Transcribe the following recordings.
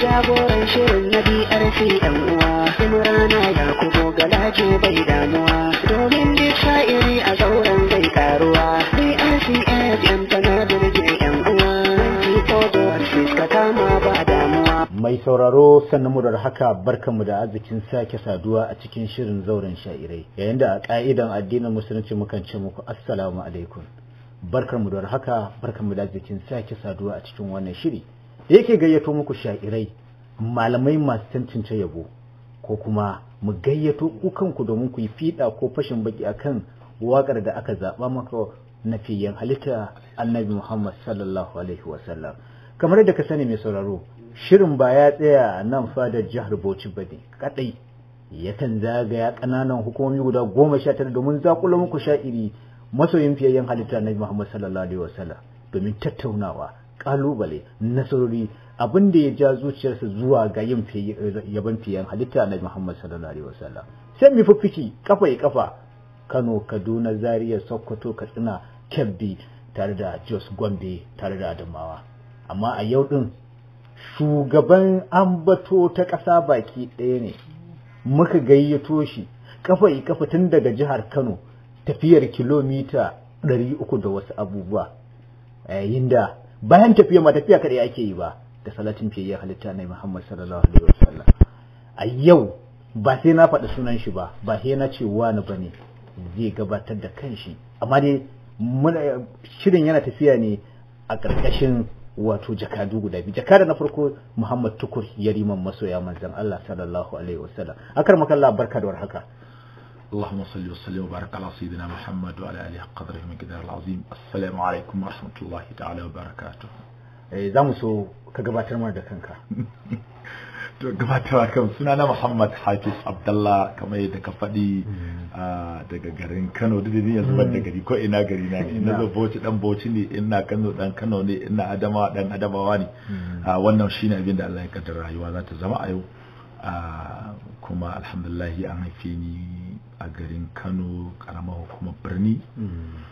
jagoran shirin na DRC ɗan uwa Imrana ya kubo laje bai damuwa domin duk sha'iri a sauran zai karuwa BRC 'yan tana birge 'yan uwa ka kama ba damuwa Mai sauraro sannan da haka barkanmu da arzikin sake saduwa a cikin shirin zauren sha'irai yayin da a ka'idan addinin musulunci mukan ce muku assalamu alaikum barkanmu da haka barkanmu da arzikin sake saduwa a cikin wannan shiri yake gayyato muku sha'irai malamai masu tantance yabo ko kuma mu gayyato ku kanku domin ku yi fiɗa ko fashin baki akan waƙar da aka zaɓa maka na fiyan halitta annabi Muhammad sallallahu alaihi wasallam kamar da ka sani mai sauraro shirin ba ya tsaya nan fadar jihar Bauchi bane kadai yakan zagaya ƙananan hukumomi guda goma sha tara domin zakula muku sha'iri masoyin fiyayyen halitta annabi Muhammad sallallahu alaihi wasallam domin tattaunawa kalubale nasarori abin da ya ja zuciyarsa zuwa ga yin yaban fiyan halitta na Muhammad sallallahu alaihi wasallam sai mi fiffiki kafa ya kafa Kano Kaduna Zaria Sokoto Katsina Kebbi tare da Jos Gombe tare da Adamawa amma a yau din shugaban ambato ta ƙasa baki ɗaya ne muka gayyato shi kafa ya kafa tun daga jihar Kano tafiyar kilomita 300 da wasu abubuwa yayin da bayan tafiya ma tafiya kadai ake yi ba da salatin fiyayya halitta na Muhammad sallallahu alaihi wasallam a yau ba sai na faɗi sunan shi ba ba sai na ce wani bane zai gabatar da kanshi amma dai shirin yana tafiya ne a ƙarƙashin wato jakadu guda biyu jakada na farko Muhammad Tukur Yariman masoya manzon Allah sallallahu alaihi wasallam akar makalla barka da warhaka اللهم صل وسلم وبارك على سيدنا محمد وعلى اله قدره من قدر العظيم السلام عليكم ورحمه الله تعالى وبركاته اي za كغباتر ما ka gabatar to gabatarwa kan suna na Muhammad Hafiz Abdullah kamar yadda ka faɗi daga garin Kano duk da yanzu ban da gari ko ina gari na ne ina Bauchi dan Bauchi ne ina Kano dan Kano ne ina Adamawa dan Adamawa ne wannan shine abin da Allah ya kaddara rayuwa zata zama a yau kuma alhamdulillah an haife ni a garin kano karamar hukumar birni mm.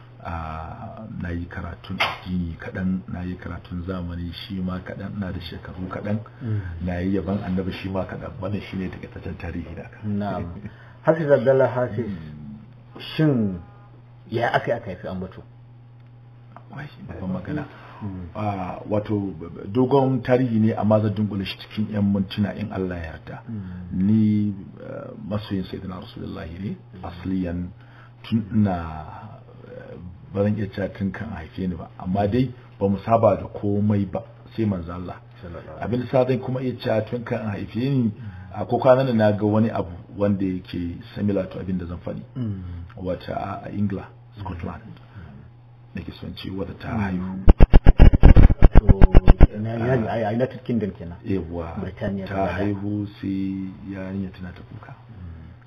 na yi karatun addini kaɗan na yi karatun zamani shi ma kaɗan na da shekaru kaɗan mm. na yi yaban annabi shi ma kaɗan wannan shi ne takaitaccen tarihi da na'am hafiz abdallah hafiz mm. shin ya aka aka yi ambato akwai babban magana wato dogon tarihi ne a maza dungula shi cikin yan mintuna in Allah ya yarda ni eh, masoyin sayyidina rasulullahi ne asliyan tun ina eh, ba zan iya cewa tun kan haife ni ba amma dai ba mu saba da komai ba sai manzo Allah abin sa zan kuma iya cewa tun kan haife ni a ko kwanan na ga wani abu wanda yake similar to abin da zan faɗi mm. wata a Ingila Scotland mm. nake son ce wadda ta mm. haihu a united kingdom kenan yawa ta haihu sai yarinya tana ta kuka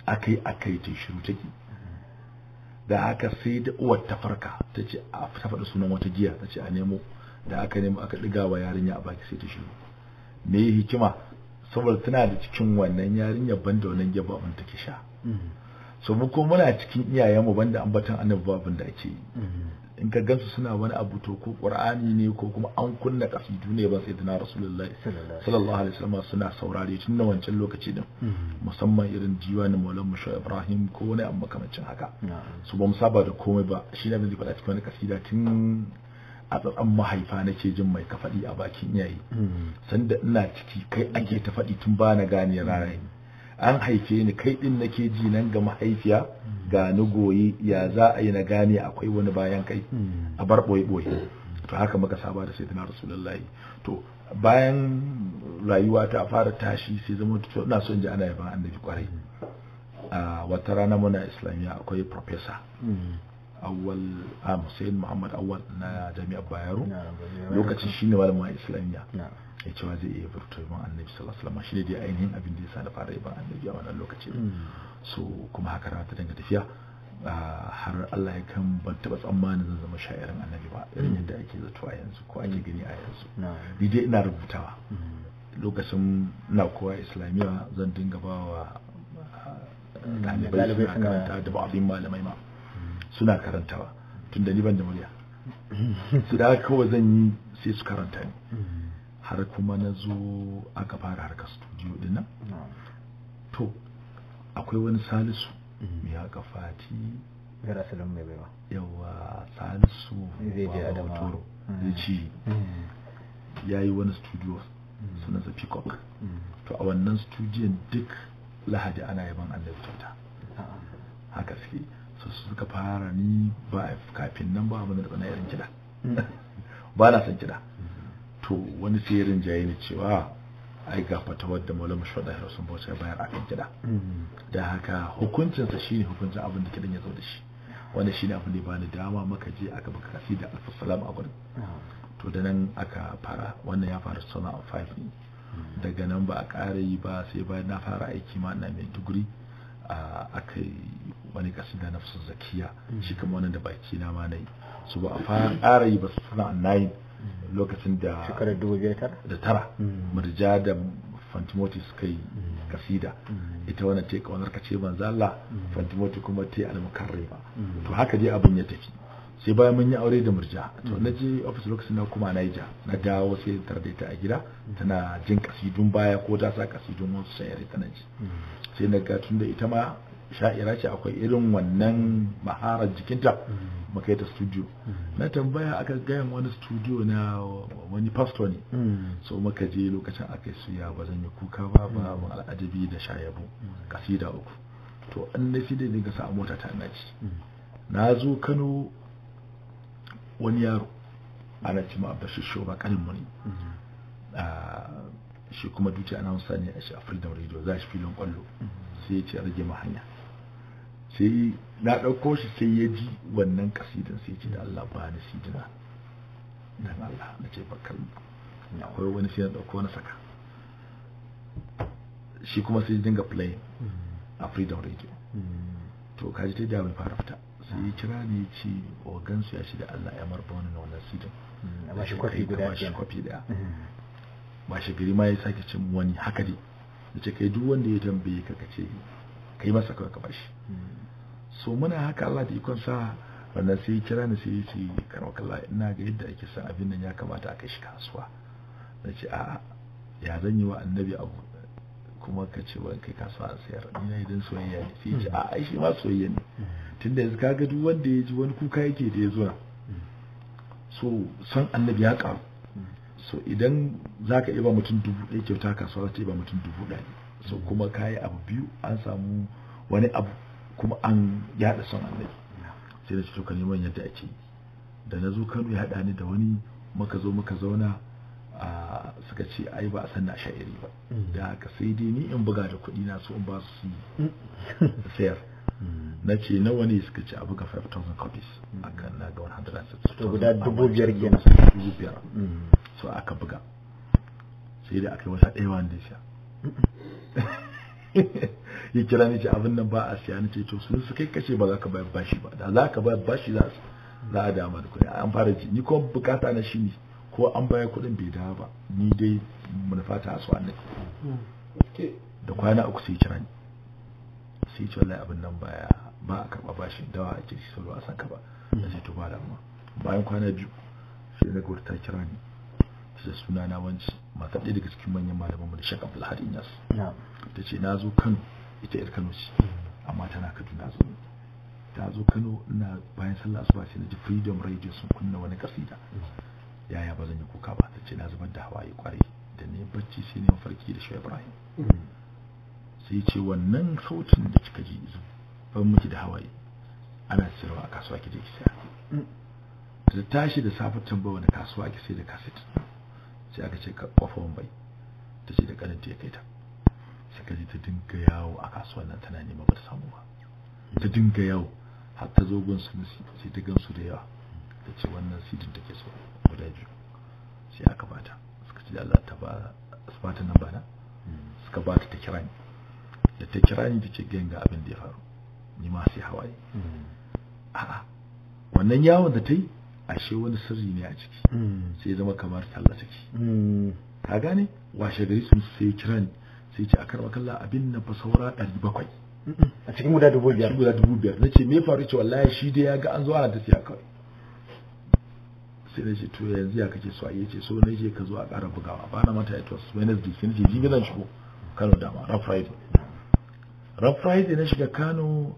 akai akai ta shiru take da haka sai da uwar ta farka ta ce ta faɗi sunan wata giya ta ce a nemo da aka nemo aka ɗiga wa yarinya a baki sai ta shiru me hikima saboda tana da cikin wannan yarinya banda wannan giya ba ta take sha mm-hmm. so mu ko muna cikin iyayenmu banda ambatan annabi ba abin da ake yi mm-hmm. in ka gansu suna wani abu to ko qur'ani ne ko kuma an kunna kasidu ne ba sai na rasulullahi sallallahu alaihi wasallam suna saurare tun da wancan lokaci din hmm. musamman irin ne maulan musha ibrahim ko wani abu makamancin haka su ba mu saba da komai ba shi ne zai faɗa cikin wani kasida tun a tsatsan mahaifa nake jin mai ka faɗi a bakin iyaye hmm. sanda ina ciki kai ake ta faɗi tun ba na gane rana an haife ni kai din nake ji nan ga mahaifiya hmm. ga ni goyi ya za a yi na gane akwai wani bayan kai hmm. a bar boye boye to haka muka saba da sayyidina rasulullahi to bayan rayuwa ta fara tashi sai zama ina son ji ana yaban annabi kwarai hmm. a wata rana muna islamiyya akwai professor awwal a ah, muhammad awal na jami'ar bayero lokacin shine malamin islamiyya ya cewa zai iya yi ban annabi sallallahu alaihi wasallam shine dai ainihin abin da yasa da fara ban annabi a wannan lokaci mm. so kuma haka rawa ta dinga tafiya ah, har Allah ya kan ban taba tsammanin zan zama sha'irin annabi ba irin mm. yadda ake zato a yanzu ko ake mm. gani a yanzu ni dai ina rubutawa lokacin na kowa islamiyya zan dinga ba wa ah, ɗalibai suna karanta da ba'afin malamai ma suna karantawa tun da ni ban da murya su da kawai zan yi sai su karanta ni har kuma na zo aka fara harkar studio din nan to akwai wani salisu mm-hmm. mai haka fati gara salam mai baiwa yawa salisu zai je adamawa mm-hmm. zai ci mm-hmm. ya yi wani studio za peacock to a wannan studio duk lahadi ana yaban annabi kyauta ah. haka suke su suka fara ni ba kafin nan ba mu da irin kiɗa ba na san kiɗa to wani sai jayi ne cewa ai ga fatawar da maulama shaɗa ya sun bauta bayar a kan gida mm-hmm. da haka hukuncinsa shine hukuncin abin da kiɗan ya zo da shi wanda shine abin da ya bani dama maka je aka baka kafi da alfasalam a gurin ah. to da nan aka fara wannan ya fara suna a five mm-hmm. daga nan ba a ƙara yi ba sai bayan na fara aiki ma ina mai duguri aka yi wani kasida na zakiya mm-hmm. shi kuma wannan da baki na ma na yi su ba a fara ƙara yi ba a nine lokacin da shekarar 2009 da tara mm. murja da fantimoti suka yi mm. kasida mm. ita wannan ta kawanar ka ce manzo Allah fantimoti kuma ta ba to haka dai abin ya tafi sai bayan mun yi aure da murja to na je office lokacin na kuma Niger na dawo sai tar da ita a gida tana jin kasidun baya ko ta sa kasidun wasu sayar ta na ji sai na ga tunda ita ma sha'ira ce akwai irin wannan maharar jikinta mm. muka yi ta studio mm. na tambaya aka gayan wani studio na wani pastor ne mm. so muka je lokacin aka yi suya ba zan yi kuka ba ba al'ajabi da shayabu kasida uku to an na shi da ga sa mota ta na ci na zo kano wani yaro ana cima shi shi ba kanin muni ne ah, shi kuma ana wasa ne a shi a freedom radio za shi filin kwallo sai ya ce rage ma hanya sai na ɗauko shi sai ya ji wannan ƙasidin sai ce da Allah ba ni sidina dan Allah na ce ba bakar akwai wani sai na ɗauko wani saka shi kuma sai dinga play a freedom radio to kaji ta da bai fara fita sai ya kira ne ya ce ogan su ya shi da Allah ya marba wani na wannan sidin hmm, ba shi kwafi guda ba shi kwafi daya hmm. ba shi gari ma ya sake cin wani haka dai ya ce kai duk wanda ya tambaye ka ka ce kai masa kawai ka bashi hmm. so muna haka Allah da ikon sa wannan sai kira ni sai ya ce karmakalla ina ga yadda ake san abin nan ya kamata a kashi shi kasuwa na ce a'a ya zan yi wa annabi abu kuma ka ce wani kai kasuwa a sayar ni na idan soyayya ne sai ya ce a'a shi ma soyayya ne tunda yanzu ga duk wanda ya ji wani kuka yake da ya zo so san annabi ya karu so idan za ka ba mutum dubu ɗaya kyauta kasuwa za ta ba mutum dubu ɗaya so kuma kayi abu biyu an samu wani abu kuma an yada son annabi sai da to ka neman yadda ake da na zo Kano ya hada ni da wani muka zo muka zauna a suka ce ai ba a san na sha'iri ba mm. da haka sai dai ni in buga da kuɗi na so in ba su mm. sayar mm. na ce nawa ne suka ce a buga 5000 copies A kan na ga 160 to guda dubu biyar kenan dubu biyar so aka buga sai da aka yi wata ɗaya wanda ya sha ya kira ni ce abin nan ba a siya ni ce to su kai kashe ba za ka bayar bashi ba da za ka bayar bashi za za a dama da kuɗi an fara ji ni ko bukata na shi ne ko an bayar kuɗin bai dawo ba ni dai manufa ta asu da kwana uku sai kira ni sai ce wallahi abin nan baya ba a karɓa bashi dawa a kirki sau a san ka ba na ce to ba da bayan kwana biyu sai na gurta ta kira ni suna na wanci mata ɗaya daga cikin manyan malaman mu da Sheikh Abdul Hadi Inyas ta ce na zo Kano ita yar Kano ce amma tana Kaduna zo ta zo Kano na bayan sallah asuba sai na ji Freedom Radio sun kunna wani kasida yaya ba zan yi kuka ba ta ce na zubar da hawaye kwarai da ne bacci sai ne mafarki da Shehu Ibrahim sai ce wannan sautin da kika ji ban miki da hawaye ana sirwa a kasuwa ki je ki saya ta tashi da safe tambaya wani kasuwa ki sai da kaset sai aka ce ka kofa bai ta ce da kaninta ya kai ta sai ka ji ta dinga yawo a kasuwan nan tana nema ba ta samu ba ta dinga yawo har ta zo gun su sai ta gansu da yawa ta ce wannan sidin take so guda biyu sai aka bata suka ce Allah ta ba su bata nan bana suka bata ta kira ni da ta kira ni ta ce ganga abin da ya faru ni ma sai hawaye hmm. a'a wannan yawon da ta yi ashe wani sirri ne a ciki hmm. sai zama kamar talla take hmm. ka gane washe gari sun sai ni. sai ce a karba kalla abin na fa saura ɗari bakwai a cikin guda dubu biyar guda dubu biyar na ce me faru ce wallahi shi dai ya ga an zo ana tafiya kawai sai na ce to yanzu ya kake so a yi ce so na je ka zo a ƙara bugawa ba na mata ita was wednesday sai na ce jibi zan shigo kano dama ran friday ran friday na shiga kano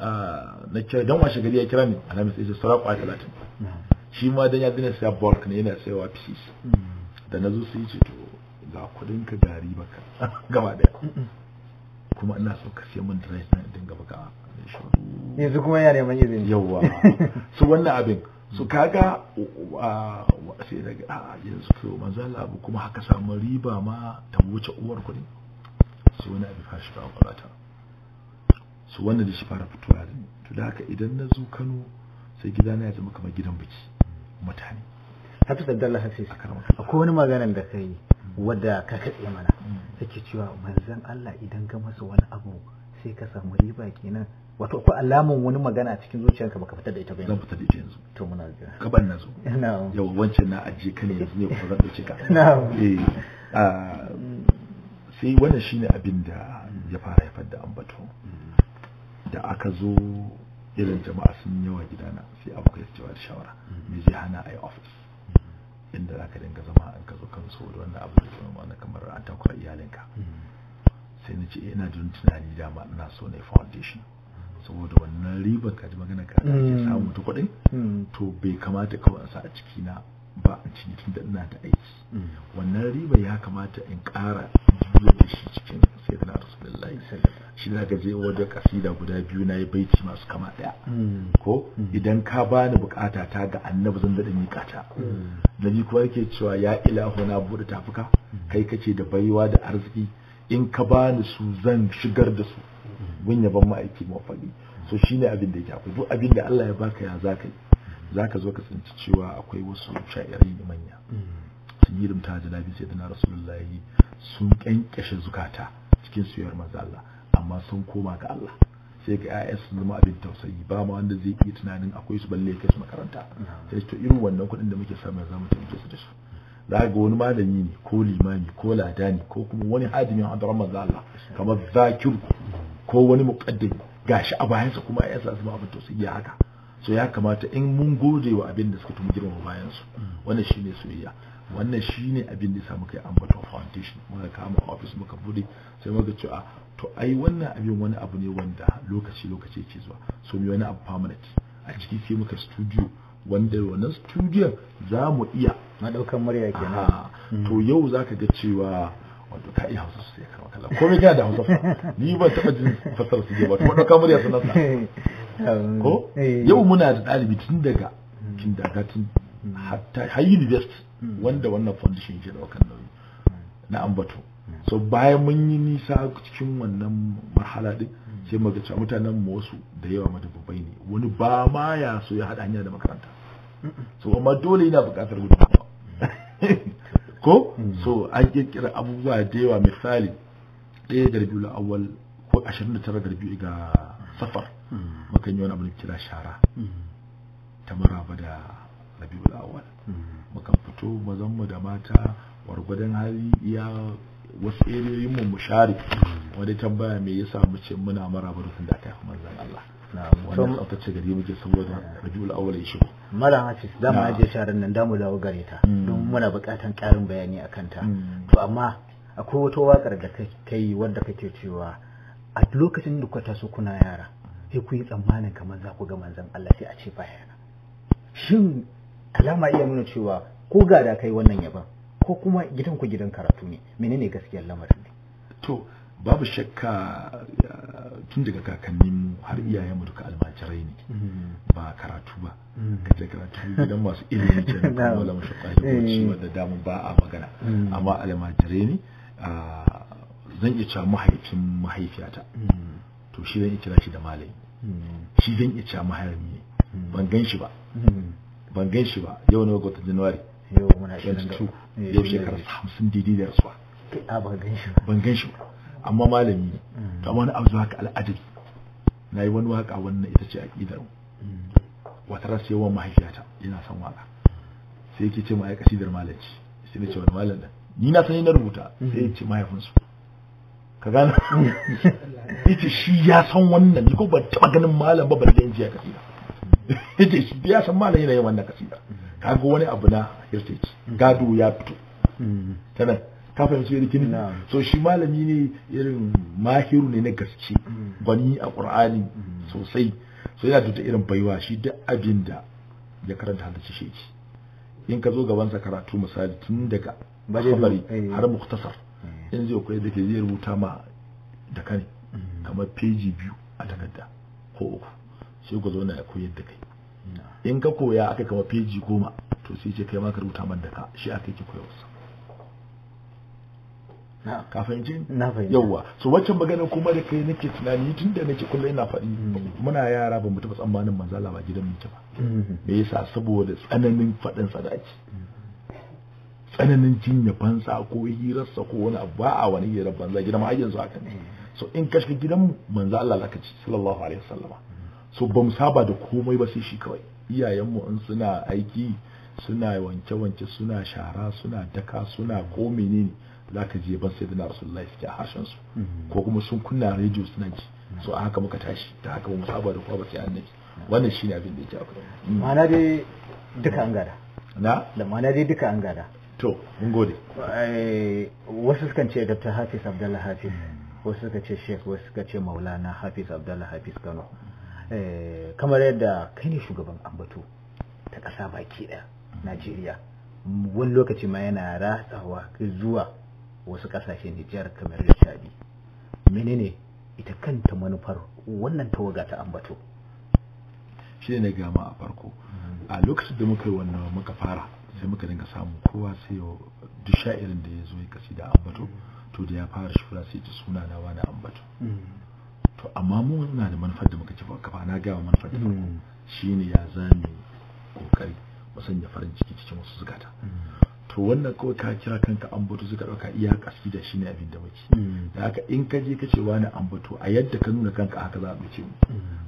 ah, na kira dan washe gari ya kira ni alhamis ya ce sara kwa talatin shi ma dan ya dina siya bork ne yana sayawa pieces da na zo sai ce to ga kudin ka gari baka gaba daya kuma ina so ka siya min dress na dinga baka yanzu kuma yana neman izini yawa su wannan abin su kaga sai daga a yanzu ko manzo Allah abu kuma haka samu riba ma ta wuce uwar kuɗi su wani abin fashi ba kwalata su wannan da shi fara fitowa da to da haka idan na zo Kano sai gida na ya zama kamar gidan biki mutane hafiz abdullahi hafiz akwai wani maganar da kai wadda ka katse mana mm. take cewa manzon Allah idan ga masa wani abu sai ka samu riba kenan wato akwai alamun wani magana cikin zuciyarka baka fitar da ita ba zan fitar da ita yanzu to muna ga kaban nazo na'am yau wancan na ajiye ka ne yanzu ne ko zan dace ka na'am eh sai wannan shine abin da ya fara haifar da ambato mm. da aka zo irin jama'a sun yawa gidana sai abu ya cewa shawara me zai hana a yi ofis inda za ka dinga zama an ka zo kan so da wannan abu da kuma wani kamar an takura iyalinka sai na ce eh, ina jin tunani dama ina so na yi foundation saboda wannan ribar ka ji magana ka ake samu ta kuɗin to bai kamata ka sa a ciki na ba a cikin da ina da aiki wannan riba ya kamata in ƙara juya da shi cikin sai na rasulullahi shi za je wajen kasida guda biyu na yi baiti masu kama daya mm. ko mm. idan ka bani bukata ta ga annabi zan daɗa miƙa ta mm. nabi kuwa yake cewa ya ilahu na buɗe tafuka kai kace da baiwa da arziki in ka bani su zan shigar da su gun yaban ma'aiki mafaɗi so shine abin da yake akwai duk abin da Allah ya baka ya zaka yi zaka zo ka tsinci cewa akwai wasu sha'irin manya sun yi rumta da labi sai da na rasulullahi sun kyankyashe zukata cikin yar manzo Allah amma sun koma ga Allah sai ga ayyan sun zama abin tausayi ba ma wanda zai iya tunanin akwai su balle kai su makaranta sai to irin wannan kuɗin da muke samu za mu tafi su da shi za ga wani malami ne ko limami ko ladani ko kuma wani hadimin hadarar manzo Allah kamar zakir ko wani muqaddim gashi a bayansa kuma ya sa zama abin tausayi haka so ya kamata in mun gode wa abin da suka tumu girma bayansu mm. wannan shine soyayya wannan shine abin da ya samu kai ambaton foundation muka kama office muka bude sai muka cewa ah, to ai wannan abin wani abu ne wanda lokaci lokaci yake zuwa so mu wani abu permanent a ciki sai muka studio wanda wannan studio za mu iya na daukar murya kenan ah, hmm. to yau zaka ga cewa wato ka iya hausa sosai kama kala komai kana da hausa ni ban taɓa jin fasar su ba kuma ɗauka murya sun nasa ko eh. yau muna da ɗalibi tun daga kindergarten hmm. har university Hmm. wanda wannan foundation ke daukan nauyi hmm. na ambato hmm. so bayan mun yi nisa cikin wannan marhala din sai ga cewa mutanen mu wasu da yawa babai ne wani ba ma ya so ya hada hanya da makaranta so amma dole yana bukatar gudunmawa ko so an kirkira abubuwa da yawa misali ɗaya da biyu awal ko 29 da biyu ga safar makan yi wani abu da kira shara ta maraba da rabiul awal mukan fito mu da mata wargwadon hali ya wasu eriyoyin mu mushari wani tambaya me yasa mu ce muna maraba da sun da kai manzon Allah wannan tsaftace gari muke saboda rajul awwal ya shigo malam da ma ajiye sharan nan da mu dawo gare ta mm. don muna buƙatan ƙarin bayani akan ta mm. to amma akwai wata wakar da kai wanda kake cewa a lokacin da kuka su kuna yara sai ku yi tsammanin kamar za ku ga manzon Allah sai a ce ba yana shin alama iya nuna cewa ko ga da kai wannan yaban ko kuma gidan ku gidan karatu ne menene gaskiyar lamarin ne to babu shakka eh, tun daga kakannin har iyayen mu duka almajirai ne mm-hmm. ba karatu ba mm-hmm. kaje karatu gidan masu ilimi ne kuma wala mashaqahi wanda damu ba a magana mm-hmm. amma almajirai ne eh, zan iya cewa mahaifin mahaifiyata to shi zan iya kira shi da malami shi zan iya cewa maharami ne ban gan shi ba ban gan shi ba yau ne watan januwari yau muna shirin da yau shekarar hamsin daidai da rasuwa ban gan shi ba amma malami mm. ta wani abu zuwa haka al'adari. na yi wani waka wannan ita ce a ƙidar mm. wata rasu yawan mahaifiyata yana son waka sai yake ce ma'aika ƙasidar malaci sai na ce wani malam ni na sani na rubuta mm. sai ya ce mahaifinsu ka gane ita shi ya san wannan ni ko ban taɓa ganin malam ba da in ji ya ƙasidar yace shi ya san na yana wannan kasida kaga wani abu na heritage gado ya fito tana ka fahimci rikin so shi malami ne irin mahiru ne na gaske mm. gwani a qur'ani mm. sosai so yana tuta irin baiwa shi duk abin da ya karanta hadisi shi in ka zo gaban sa karatu misali tun daga bari eh. har muktasar eh. in zai koyi da ke zai rubuta ma da kane mm. kamar peji biyu a takarda ko uku sai ku zauna ya koyar da kai in ka koya aka kama feji goma to sai ce kai ma ka rubuta man da ka shi aka yi wasu. kafin fahimci na fahimci yawa so wacce magana kuma da kai nake tunani tun da nake kullum ina faɗi mm. muna yara ba mu taɓa tsammanin manzala ba gidan mu ba mm-hmm. me yasa saboda tsananin faɗin sadaci mm-hmm. tsananin jinya fansa ko hirarsa ko wani abu ba a wani hirar banza gidan mu har yanzu haka ne mm. so in kashe gidan mu manzo Allah ci sallallahu alaihi wasallama mm. so ba mu saba da komai ba sai shi kawai iyayenmu in suna aiki suna wanke-wanke suna shara suna daka suna ko menene za ka je ban sai da rasulullahi suke a harshen su mm-hmm. ko kuma sun kunna rediyo suna ji so a haka muka tashi ta haka ba mu saba da kuma ba sai annabi wannan shine abin da yake a mm. ma'ana dai duka an gada na da ma'ana dai duka an gada to mun gode eh, wasu sukan ce dr hafiz abdullahi hafiz mm. wasu suka ce sheikh wasu suka ce maulana hafiz abdullahi hafiz kano Eh, kamar yadda kai ne shugaban ambato ta ƙasa baki ɗaya najeriya wani lokaci ma yana ratsawa zuwa wasu ƙasashe nijar kamar da menene ita kanta manufar wannan tawaga ta ambato shi ne gama a farko a lokacin da muka yi wannan muka fara sai muka dinga samu kowa sai duk irin da ya zo ya kasi da ambato to da ya fara shura sai ta suna na wani ambato mm. to amma mu muna da manufar da muka ci kafa na gaya manufar da Shi mm. shine ya zame kokari mu sanya farin ciki cikin wasu zukata mm. to wannan kawai ka kira kanka ambato suka dauka iya kaski da ne abin da muke mm. da haka in ka je ka ce wani bato a yadda ka nuna kanka haka za a bace mu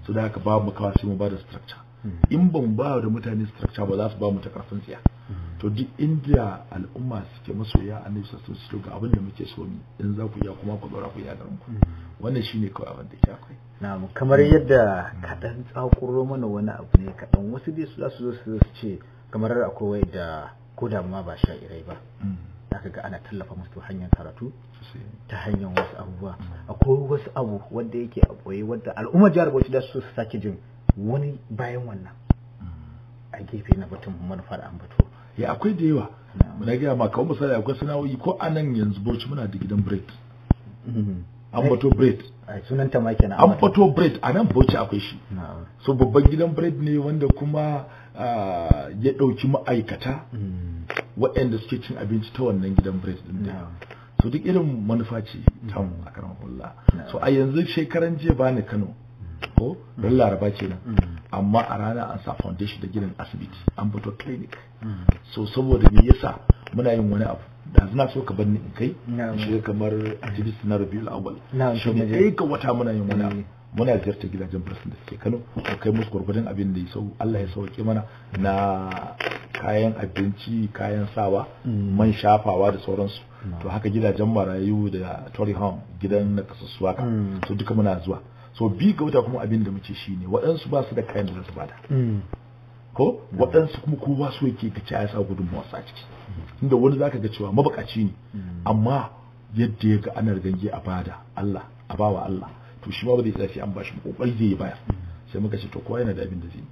so da haka babu kawa sai mu ba da structure in ban ba da mutane structure ba za su ba mu ta karfin tsiya to duk inda al'umma suke masoya annabi sallallahu alaihi wasallam ga abin da muke so in za ku iya kuma ku dora ku iya garin ku wannan shine kawai abin da ke akwai na'am kamar yadda kaɗan tsakuro mana wani abu ne kaɗan wasu dai su za su zo su ce kamar akwai wai da ko da ma ba sha'irai ba mm. zaka ga ana tallafa musu hanyar karatu ta hanyar wasu abubuwa akwai wasu abu wanda yake a boye wanda al'ummar jihar Bauchi da su sake jin wani bayan wannan mm. a gefe na batun manufar ambato ya akwai da yawa muna gaya ma kawo misali akwai sana'o'i ko anan yanzu Bauchi muna da gidan break mm-hmm. an bato bread sunan ta ma kenan an bato bread a nan bauchi akwai shi so babban gidan bread ne wanda kuma ah, ya ɗauki ma'aikata hmm. waɗanda suke cin abinci ta wannan gidan bread din so duk irin manufa ce ta mu hmm. a karamar so a yanzu shekaran jiya bani kano hmm. ko ran laraba ce nan amma a rana an sa foundation da gidan asibiti an fito clinic so saboda me yasa muna yin wani abu da na so ka banni in kai shi kamar ajibis na rabiul awal shi ne kai ka wata muna yin wani eh. muna ziyartar gidajen birnin da suke Kano mu kai musu gwargwadon abin da ya Allah ya sauke mana na kayan abinci kayan sawa mm. man shafawa da sauransu to haka gidajen marayu da tori Home gidan na kasuwa ka so mm. duka muna zuwa so bi ga wata kuma abin da muke shine waɗansu ba su da kayan da za su bada mm. ko waɗansu kuma kowa su yake ka ci ya sa gudun a ciki inda wani zaka ga cewa mabukaci ne hmm. amma yadda ya ga ana gange a bada Allah a bawa Allah to shi ma ba zai tsaya an bashi kokari zai bayar sai muka ce to kowa yana da abin da zai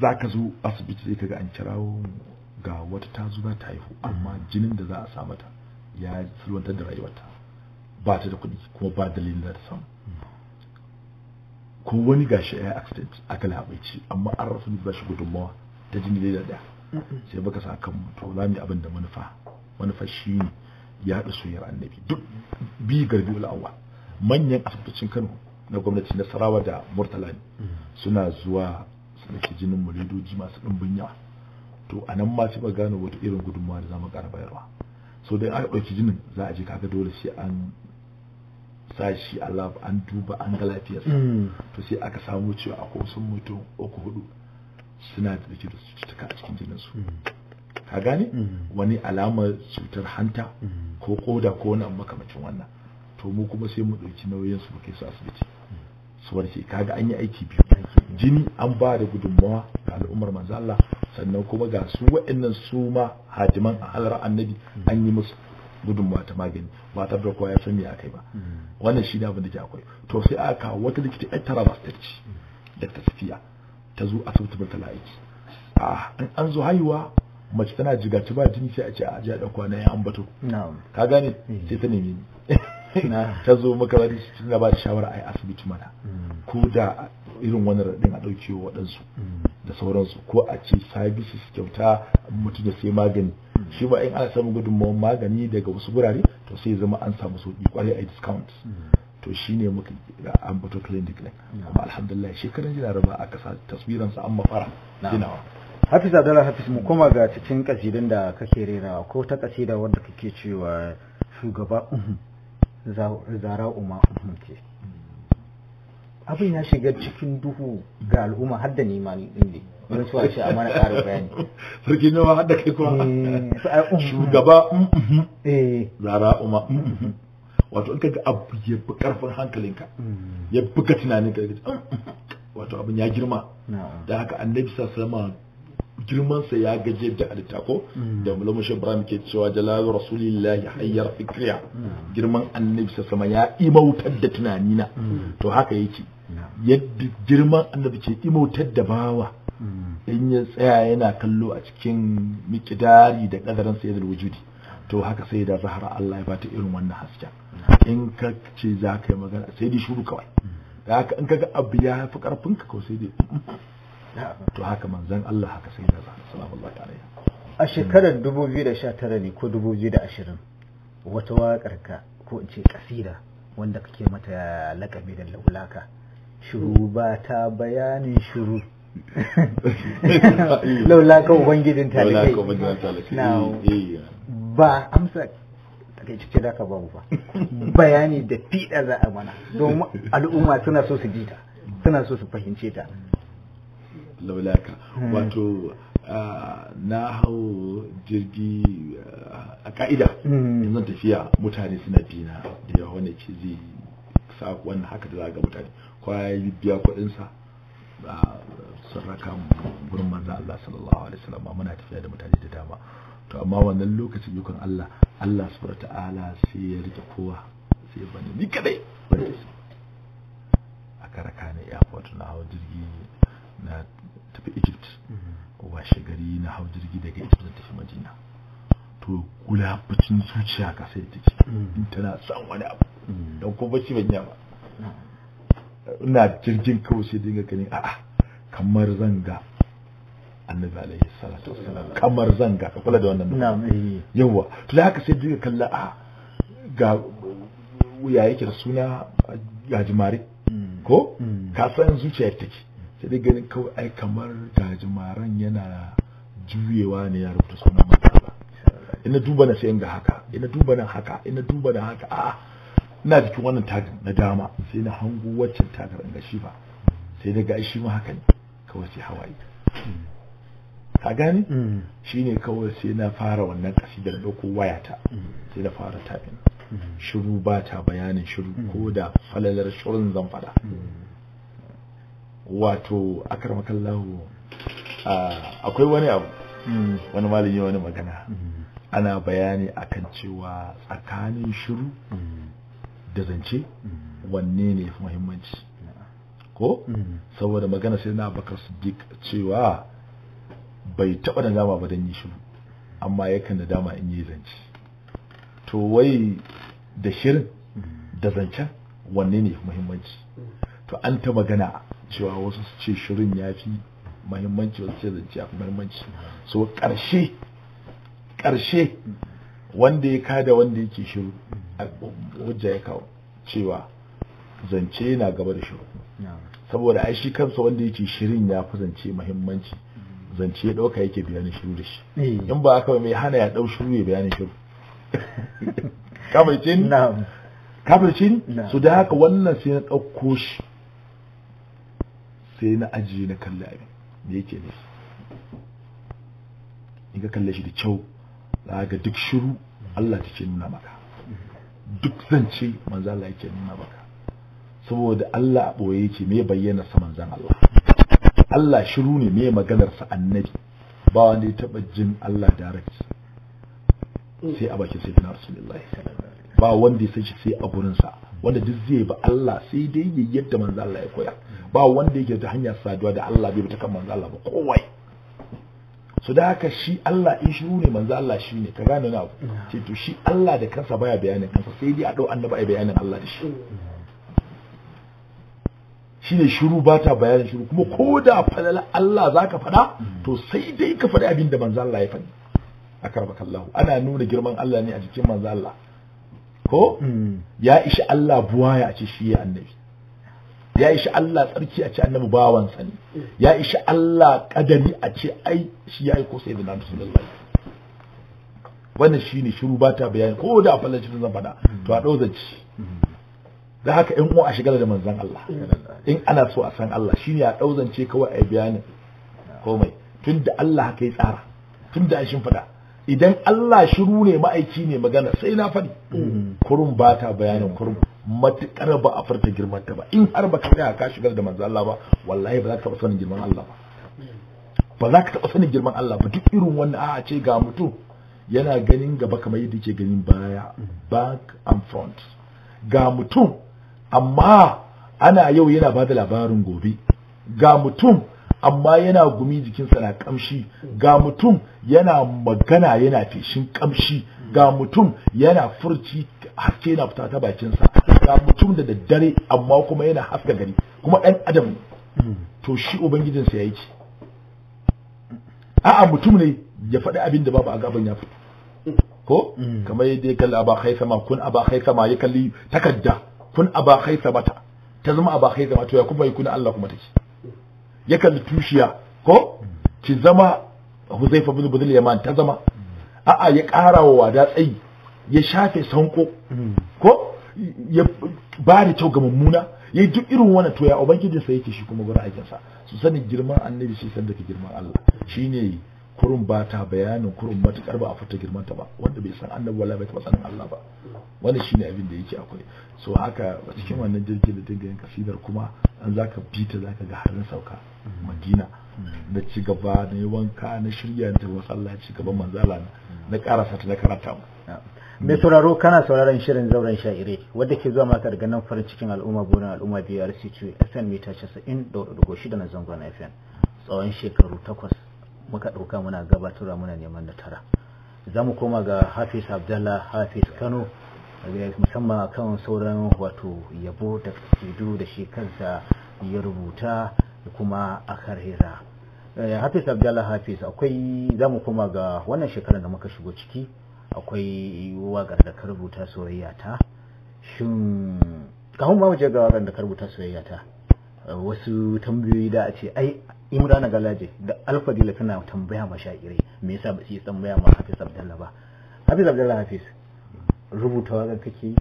za ka zo asibiti sai kaga an kirawo ga wata ta zuba ta haihu amma jinin da za a sa mata ya silwantar da rayuwarta ba ta da kuɗi kuma ba dalilin da ta samu ko wani gashi ya accident aka labaici amma an rasa ba shi gudunmawa ta jini da da sai baka sa kan to za mu abin da manufa manufa shi ne ya haɗa soyar annabi duk bi garbi wal awwa manyan asibitocin Kano na gwamnati na Sarawa da Murtala suna zuwa suna dauki jinin mulidoji masu ɗumbin yawa to a nan ma ci ba gano wata irin gudunmawa da za mu ƙara bayarwa so dai aka ɗauki jinin za a je kaga dole sai an sashi a lab an duba an ga lafiyarsa mm. to sai aka samu cewa akwai wasu mutum uku hudu suna da da cututtuka a cikin jininsu mm. ka gane mm. wani alamar cutar hanta ko koda ko wani makamacin wannan to mu kuma sai mu ɗauki nauyin su kai su asibiti su warke kaga an yi aiki biyu jini an ba da gudunmawa ga al'ummar manzo Allah sannan kuma ga su wa'annan su ma hajiman a halar annabi an yi musu Gudun ta magani ba da kowa ya san ya kai ba wannan shi ne abin da ke akwai to sai aka kawo wata likita yar tara masu tarci da ta tafiya ta zo asibiti ba ta a an zo haihuwa mace tana jigaci ba jini sai a ce a ji da na ya ambato ka gane sai ta nemi ta zo makarar tana ba da shawara a yi asibiti mana mm. ko da irin wani raɗin a ɗauke wa waɗansu mm. da sauransu ko a ce services kyauta mutu da sai magani shi ba in ana samun gudunmawar magani daga wasu gurare to sai zama an samu sauki kwarai a discount to shi ne muka ambato clinic ne kuma alhamdulillah shekaran jina raba aka sa taswiran sa amma fara ginawa Hafiz Abdullah Hafiz mu koma ga cikin kasidin da kake rerawa ko ta kasida wanda kake cewa shugaba uhm, zara umma uhm ke abin ya shiga cikin duhu ga al'umma har da nima ni inda wani suwa ce a mana ƙarin bayani sarki noma har da kai kuma eh, uh, um, shugaba um, um, eh. zara umma wato in kaga abu ya fi karfin hankalinka mm. ya fi ka tunanin ka wato abin ya girma da haka annabi sallallahu alaihi girmansa ya gaje da halitta ko mm. da mulama Ibrahim ke cewa jalalu ya hayyar fikriya mm. girman annabi sama ya imautar da na. Mm. to haka yake yadda girman annabi ke imautar da bawa in ya tsaya yana kallo a cikin mikidari da kadarin sayyidul wujudi to haka sai da zahara Allah ya bata irin wannan haske in ka ce za ka yi magana sai dai shuru kawai da haka in kaga abu ya fi karfin ka kawai sai dai to haka manzon Allah haka sai da sallallahu alaihi a shekarar 2019 ne ko 2020 wata waƙar ka ko in ce kasida wanda kake mata lakabi da laulaka shuru ba ta bayanin shuru laulaka ubangijin talibai na ba amsa kai cike da ka babu ba bayani da fida za a mana domin al'umma suna so su ji ta suna so su fahimce ta laulaka hmm. wato na hau jirgi a ka'ida yanzu hmm. tafiya mutane suna dina da yawa wanda ke zai sa wannan haka da zaga mutane kwaya biya kuɗinsa a raka gurin manzan Allah sallallahu alaihi wasallam muna tafiya da mutane da dama to amma wannan lokacin yukan Allah Allah subhanahu ta'ala sai ya rike kowa sai ya bani ni kadai a karaka ne airport na hau jirgi na tafi egypt washe gari na hau jirgi daga egypt zan tafi madina to kula gulabacin zuciya ka sai take in tana son wani abu don ko bacci ban ba ina jirgin kawai sai dinga gani a'a kamar zanga annabi alaihi salatu wassalam kamar zanga ka kula da wannan na'am eh. yawa to haka sai dinga kalla a ga ya yake da suna gajimare mm. ko mm. ka san zuciya take sai dai ganin kawai ai kamar gajimaran yana juyewa ne ya rubuta sunan manzon ina duba na sayan ga haka ina duba nan haka ina duba da haka a'a ina cikin wannan tagin na dama sai na hango waccan tagar in ga shi ba sai na ga shi ma haka ne kawai sai hawaye ka gane mm. ne kawai sai na fara wannan kasidar dauko wayata sai na fara tafin. Mm. shiru ba ta bayanin shiru mm. ko da falalar shirin zan fada wato akramakallahu akwai wani abu hmm. wani malami wani magana hmm. ana bayani a kan cewa tsakanin shiru hmm. da zance wanne ne fi muhimmanci ko saboda magana sai na bakar siddiq cewa bai taɓa da dama ba don yi shiru amma yakan da dama in yi zance to wai da shirin da zancen wanne ne fi muhimmanci to an ta magana cewa wasu su ce shirin ya fi mahimmanci wasu ce zance ya fi mahimmanci so ƙarshe ƙarshe wanda ya kada wanda yake shiru wajen ya kawo cewa zance yana gaba da shiru saboda ai shi kansa wanda yake shirin ya fi zance mahimmanci zance ya ɗauka yake bayanin shiru da shi eh. in ba haka mai hana ya ɗau shiru ya bayanin shiru kamar cin su da haka wannan sai na ɗauko shi sai na ajiye na kalli abin me yake ne in ka kalle shi da kyau za ga duk shiru Allah take nuna maka duk zance manzo Allah yake nuna maka saboda Allah a boye yake me bayyana sa manzon Allah Allah shiru ne me maganar sa annabi ba wanda ya taba jin Allah direct sai a bakin sayyidina rasulullahi ba wanda ya san shi sai a gurin sa wanda duk zai ba Allah sai dai yayyar da manzo Allah ya koya ba wanda yake ta hanyar saduwa da Allah bai ta kan manzo Allah ba kowai su da haka shi Allah in shiru ne manzo Allah shi ne ka gane na ce to shi Allah da kansa baya bayanin kansa sai dai a dau annabi ai bayanin Allah da shi shi ne shiru ba ta bayanin shiru kuma ko da falala Allah za ka faɗa to sai dai ka faɗi abin da manzo Allah ya faɗi a karbakallahu ana nuna girman Allah ne a jikin manzo Allah ko mm. ya ishi Allah buwaya a ce shi ya annabi ya ishi Allah tsarki a ce annabi bawan sa ne ya ishi Allah kadari a ce ai shi ya yi na sai da Rasulullahi wannan ne shiru ba ta bayani ko da fallan shi zan faɗa to a dauzanci da haka in uwa a shigar da manzan Allah in ana so a san Allah Shi ne a zance kawai a yi bayanin komai tunda Allah haka ya tsara tunda an shi faɗa idan Allah shiru ne ma'aiki ne magana sai na faɗi kurum ba ta bayanin kurum matukar ba a farta girman ta ba in har baka tsaya ka shigar da manzo Allah ba wallahi ba za ka taɓa sanin girman Allah ba ba za ka taɓa sanin girman Allah ba duk irin wannan, a ce ga mutum yana ganin gaba kamar yadda yake ganin baya back and front ga mutum amma ana yau yana ba da labarin gobe ga mutum amma yana gumi jikinsa na kamshi ga mutum yana magana yana feshin kamshi ga mutum yana furci haske na fita ta bakinsa ga mutum da daddare amma kuma yana haska gari kuma ɗan adam to shi ubangijinsa ya yi ci a'a mutum ne ya faɗi abin da babu a gaban ya fito ko kamar yadda ya kalli aba sama ma kun aba sama ma ya kalli takadda kun aba sama mata ta zama aba sama to ya kuma yi kuna Allah kuma take ya kalli tushiya ko ki zama huzaifa bin budul yaman ta zama a'a ya ƙara wa wada tsayi ya shafe sanko ko ya ba da kyau ga mummuna ya yi duk irin wani toya ya ubangijin sa yake shi kuma gurin aikin sa su sani girman annabi shi san ka girman Allah shine kurun ba ta bayanin kurun matukar ba a fita girman ta ba wanda bai san annabi wala bai taba Allah ba wannan shine abin da yake akwai so haka cikin wannan jirgin da dinga yin kasidar kuma an zaka bita ta zaka ga harin sauka Madina na ci gaba na yi wanka na shirya ta masallaci gaban manzala na karasa ta na karata mai sauraro kana sauraron shirin zauren sha'ire wadda ke zuwa maka daga nan farin cikin al'umma gona al'umma brc ce fm mita 90.6 na zangon fm tsawon shekaru takwas muka ɗauka muna gabatarwa muna neman na tara za mu koma ga hafiz abdalla hafiz kano musamman a kan sauran wato yabo da kasidu da shi kansa ya rubuta da kuma akarira eh, hafiz abdalla hafiz akwai za mu koma ga wannan shekarar da muka shigo ciki akwai waƙar da ka rubuta soyayya ta shin kafin ba mu je ga waƙar da ka rubuta soyayya ta wasu tambayoyi da a ce ai imrana galaje da alfadila tana tambaya ma sha'irai me yasa ba su yi tambaya ma hafiz abdallah ba hafiz abdallah hafiz rubuta waƙar kake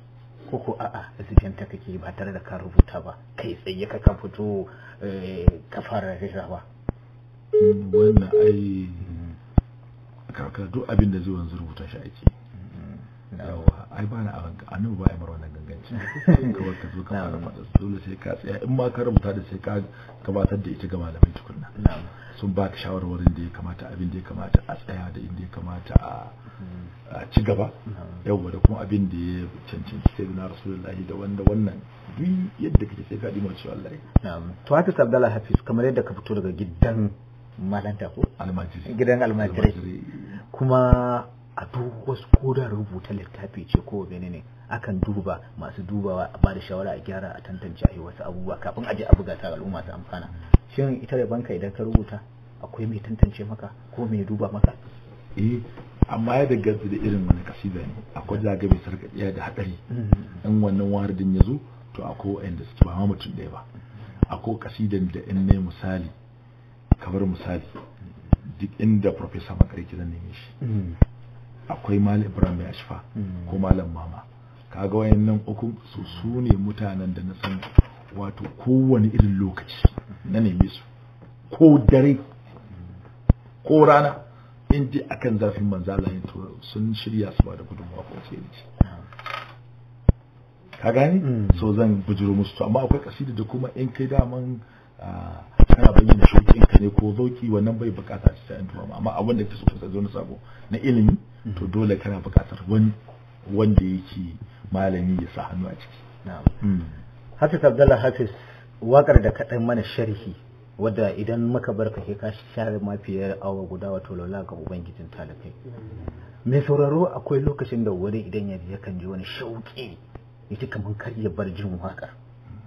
ko ko a'a ta kake ba tare da ka rubuta ba kai tsaye ka fito eh, ka fara rera ba wannan ai karkar duk abin da zuwan wanzu shi ake mm-hmm. yawa ai ba na a ranka annabi ba ya mar wannan ganganci kawai ka zo ka fara faɗa dole sai ka tsaya in ma ka rubuta da sai ka gabatar da ita ga malamai tukunna sun ba ka shawarwarin da ya kamata abin da ya kamata a tsaya da inda ya kamata a mm-hmm. ci gaba yawa da kuma abin da ya cancanci sai na rasulullahi da wanda wannan duk yadda kake sai ka dima cewa Allah to haka Abdallah Hafiz kamar yadda ka fito daga gidan malanta ko almajiri gidan almajiri kuma a duk wasu koda rubuta littafi ce ko bene ne akan duba masu dubawa a bada shawara a gyara a tantance ayi wasu abubuwa kafin a je a buga ta al'umma su amfana shin ita da banka idan ka rubuta akwai mai tantance maka ko mai duba maka eh amma ya danganta da irin wani kasida ne akwai zaga mai sarkaɗiya da haɗari mm-hmm. in wannan waridin ya zo to akwai wa'anda suke ba ma mutum ɗaya ba akwai kasidan da in ne misali kamar misali duk inda professor makari ki zan neme shi hmm. akwai malam ibrahim mai ashfa hmm. ko malam mama kaga wayannan uku su su ne mutanen da na san wato kowane irin lokaci na neme su ko dare ko rana in ji akan zafin manzala ne to sun shirya su ba da gudunmawa ko sai ka gane hmm. so zan bujuro musu amma akwai kasida da kuma in kai daman ah, kana bayyana in ka ne ko zauki wannan bai bukata a cikin addu'a amma abin da ka so ka zo na sabo na ilimi to mm-hmm. dole kana bukatar wani wanda yake malami ya sa hannu a ciki na'am mm. Hafiz Abdullah Hafiz wakar da kadan mana sharhi wadda idan muka bar ka ka share mafiyar awa guda wato laula ga ubangijin talakai me sauraro akwai lokacin da wani idan ya yakan ji wani shauƙi yake kaman kamar kar ya bar jin waka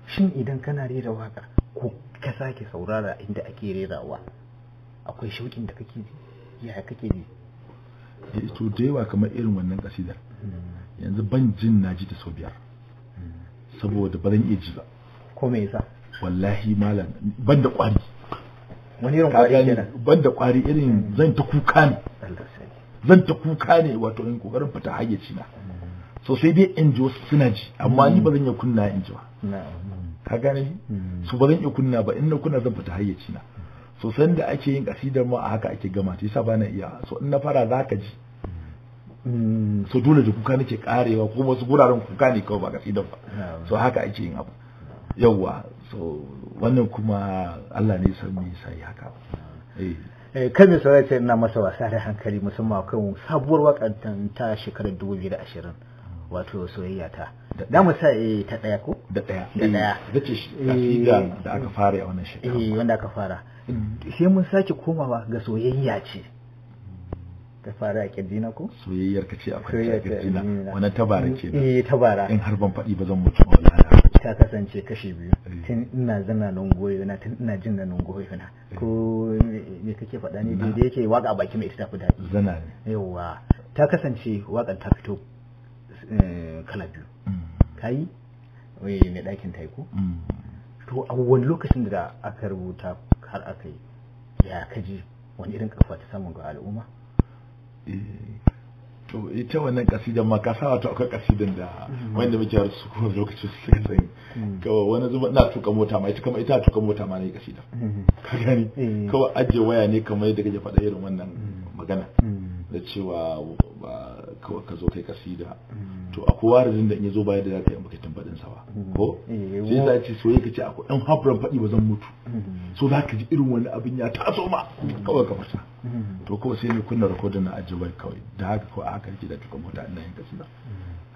shin idan kana rera waka ko ka sake saurara inda ake rerawa akwai shauƙin da kake ji ya kake ji to da yawa kamar irin wannan kasidar yanzu ban jin na ji ta sau biyar saboda ba zan iya ji ba ko me yasa wallahi malam ban da kwari wani irin kwari kenan ban da kwari irin zan ta kuka ne zan ta kuka ne wato in kokarin fita hayyaci na mm. so sai dai in ji wasu suna ji amma ni mm. ba zan iya kunna in ji ba ka gane mm. su ba zan iya kunna ba in na kunna zan fita hayyaci na so san da ake yin kasidar mu a haka ake gama ta yasa ba na iya so in na fara za ka ji mm. so dole da kuka nake karewa ko wasu guraren kuka ne kawai ba kasidar ba so haka ake yin abu yawwa so wannan kuma Allah ne san me sai haka eh, eh kan mai ina masa wasa da hankali musamman kan sabuwar wakantan ta shekarar 2020 wato soyayya ta da mu sa eh, ta daya ko da daya da daya zace eh, kasida eh, da aka fara a wannan shekara eh wanda aka fara sai mun sake komawa ga soyayya ce ta fara a kirjina ko soyayyar ka ce a kirjina wannan tabara ke eh tabara in har ban faɗi ba zan mutu wallahi ta kasance kashi biyu tun ina zana nan goyo na tun ina jin nan goyo na ko me kake faɗa ne da yake waka baki mai ita tafi da zana ne yawa ta kasance wakan ta fito kala biyu kayi mai ɗakin ta ko mm. to a wani lokacin da aka rubuta har aka yi ya kaji wani irin kafa ta samun ga al'umma eh, to ita wannan kasidan ma ka sa wato akwai kasidan da mm. wanda muke har su kuma lokacin su suka sani mm. kawa wani zuba ina tuka mota ma ita kama ita tuka mota ma ne kasida mm-hmm. ka gani eh. kawai ajiye waya ne kamar yadda kake faɗa irin wannan magana da cewa ba kawai ka zo kai kasida to akwai kowa da in yazo baya da zaka yi baka tambadin sa ba mm-hmm. ko eh, shi yasa ce soyayya kace akwai ɗan hafuran faɗi ba zan mutu mm-hmm. so zaka ji irin wani abin ya taso ma mm-hmm. kawai ka fita to kawai sai ni kunna recording na ajibai kawai da haka ko a haka yake da tuka mota ina yin kasina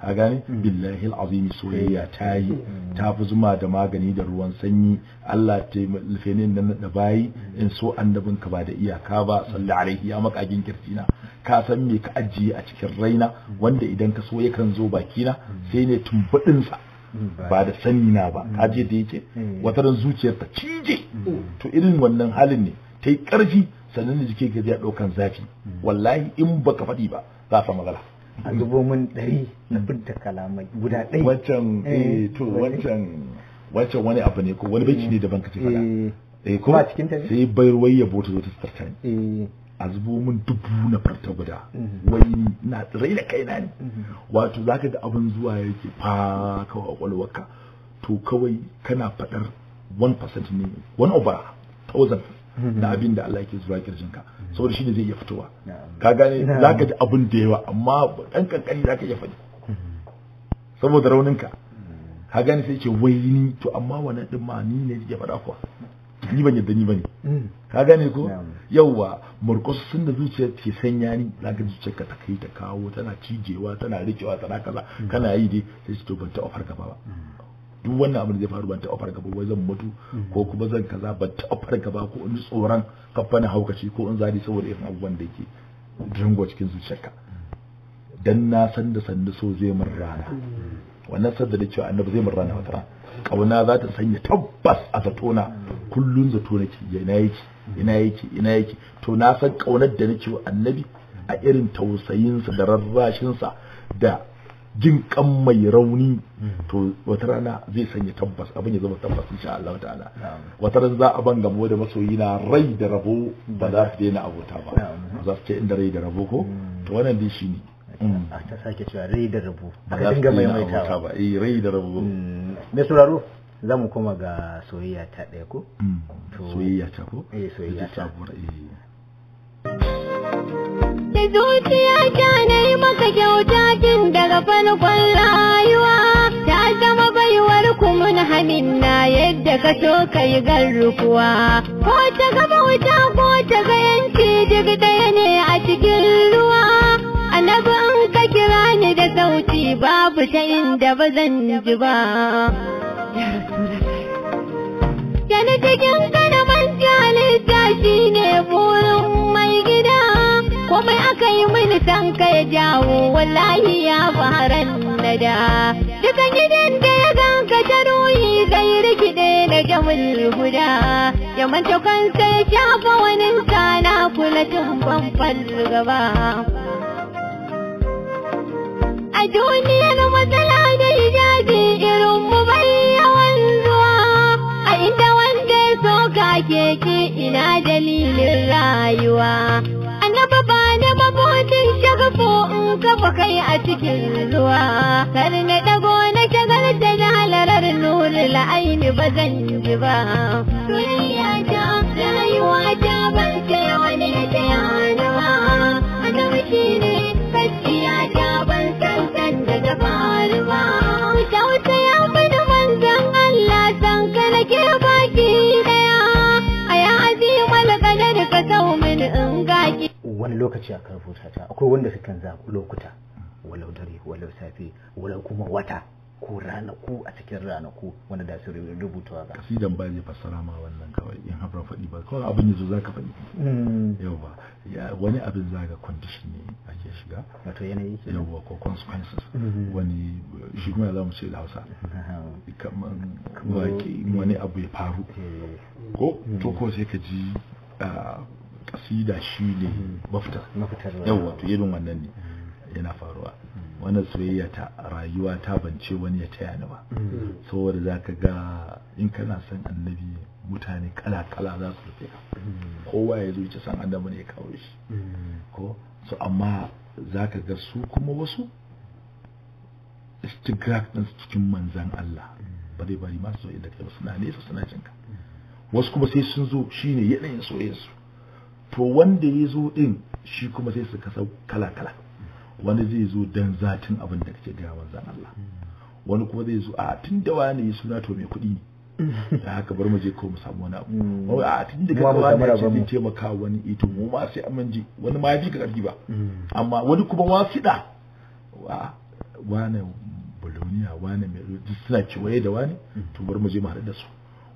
ka gane billahi alazim soyayya ta yi ta fi zuma da magani da ruwan sanyi Allah ta lufe ne da bayi in so annabin ka ba da iyaka ba sallallahu alaihi ya makakin kirtina ka san me ka ajiye a cikin raina wanda idan ka so yakan zo bakina sai ne sa ba da sani na ba ka je da yake wata ran zuciyar ta cije to irin wannan halin ne ta yi ƙarfi sannan da jike ka ya ɗaukan zafi wallahi in baka faɗi ba za ka magana a dubo min ɗari na binta kalamai guda ɗaya wancan eh, eh to wancan wancan wani abu ne ko wani baiti ne daban ka ce fada? Eh, eh kuma cikin ta sai bayarwai yabo ta zo ta tsarkani eh a zubo min dubu na farta guda wai na tsirai da kaina ne wato zaka ga abin zuwa yake fa kawai kwakwalwarka to kawai kana faɗar 1% ne 1 over 1000 na abin da Allah yake zuwa kirjinka saboda shi ne zai iya fitowa ka gane zaka ji abin da yawa amma dan kankani zaka iya faɗi saboda rauninka ka gane sai ce wai ni to amma wannan din ma ni ne yake faɗa kuwa ni ban yadda ni bane Mm. ka gane ko yauwa murkusun da zuciyar ke sanya ni zaka zuciyar ka ta kai ta kawo tana cijewa tana rikewa tana kaza mm. kana yi dai sai to ban ta ofar gaba ba mm. duk wannan abin da zai faru ban taɓa gaba ba zan mutu ko kuma zan kaza ban taɓa ofar gaba ko in tsoron kafana haukaci ko in zadi saboda irin abubuwan da ke dingo cikin zuciyarka dan na san da sanda so zai min rana wannan sanda da cewa annabi zai min rana wata rana kauna za ta sanya tabbas a zatona kullun zato nake ina yake ina yake ina yake to na san kaunar da nake wa annabi a irin tausayinsa da rarrashinsa da jin mai rauni to wata rana zai sanya tabbas abin ya zama tabbas insha Allah ta'ala wata rana za a ban gamo da masoyi na rai da rabo ba za su daina abota ba za su ce inda rai da rabo ko hmm. to wannan shi ne. Mm. A ta sake cewa rai da rabu aka dinga maimaitawa eh, rai da rabu mm. mai sauraro za mu koma ga soyayya ta ɗaya ko mm. soyayya ta ko eh soyayya ta eh. da zuciya ta na yi maka kyauta tun daga farkon rayuwa ta zama baiwar kumun hamin na yadda ka so ka yi garrukuwa ko ta ga wuta ko ta ga yanci duk ɗaya ne babu ta inda ba zan ji ba yana cikin kanaman halitta shi ne burin mai gida komai aka yi mini san kai ya jawo wallahi ya fara nada dukan gidan da ya ganka ta ruhi zai rikide na jamin guda ya manta kansa ya shafa wani kana kula tun ban gaba a duniyar matsala da hijabi irin mu bai yawan zuwa a inda wanda ya soka keke ina dalilin rayuwa annaba ba na mabotin shagafo in kafa kai a cikin zuwa, kar na dago na shagar da halarar nuri la'aini ba zan ji ba soyayya ta rayuwa ta ban sai wani ya ta yana ba annabi ne. wani lokaci akan rubuta ta akwai wanda sukan zaɓi lokuta walau dare walau safe walau kuma wata ko ranaku a cikin ranaku wanda da su rubuta waka kasidan ba zai fassara ma wannan kawai in hafra faɗi ba kawai abin yanzu za ka faɗi mm. yau ba wani abin za zaga condition ne ake shiga wato yanayi yawa ko consequences mm-hmm. wani shi kuma za mu ce da Hausa kaman wani abu ya faru eh. ko to mm. ko sai ka ji ah, kasida shi ne hmm. mafita yawa to irin wannan ne hmm. yana faruwa wannan soyayya ta rayuwa ta bance wani ya taya ni ba hmm. saboda zaka ga in kana son annabi mutane kala-kala za su rufe kowa ya zo ya san annabi ne ya kawo shi ko so amma zaka ga su kuma wasu istigraf din cikin manzan Allah bare bare masu zo inda kai suna nesa suna jinka wasu kuma sai sun zo shine yanayin soyayya su. to wanda ya zo din shi kuma sai su kasa kala kala wani zai zo dan zatin abin da kake gaya zan Allah wani kuma zai zo a tun da wani ya suna to mai kuɗi ne da haka bar mu je ko mu samu wani abu mm. a tun da gaba wani ya eh, ce zai taimaka wani ito mu ma sai an ji wani ma ji ka karfi ba mm. amma wani kuma fiɗa, wane buloniya wane mai suna ciwaye da wani mm. to bar mu je mu haɗu da su